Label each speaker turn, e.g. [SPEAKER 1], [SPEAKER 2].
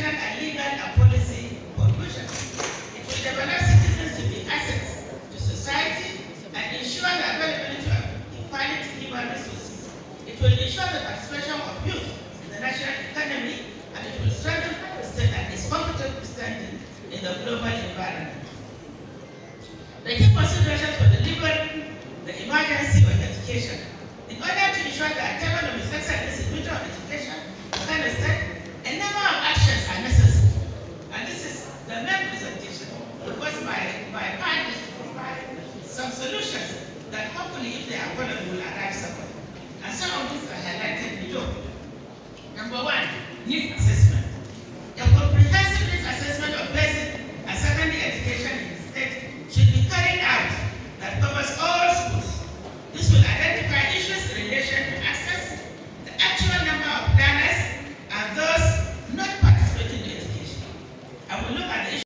[SPEAKER 1] national legal policy conclusions. It will develop citizens to be assets to society and ensure the availability of equality human resources. It will ensure the participation of youth in the national economy and it will strengthen the state and its competent standing in the global environment. The key considerations for delivering the emergency education. In order to ensure that some solutions that hopefully if they are followed will arrive somewhere. And some of these are highlighted below. Number one, needs assessment. A comprehensive needs assessment of basic and secondary education in the state should be carried out that covers all schools. This will identify issues in relation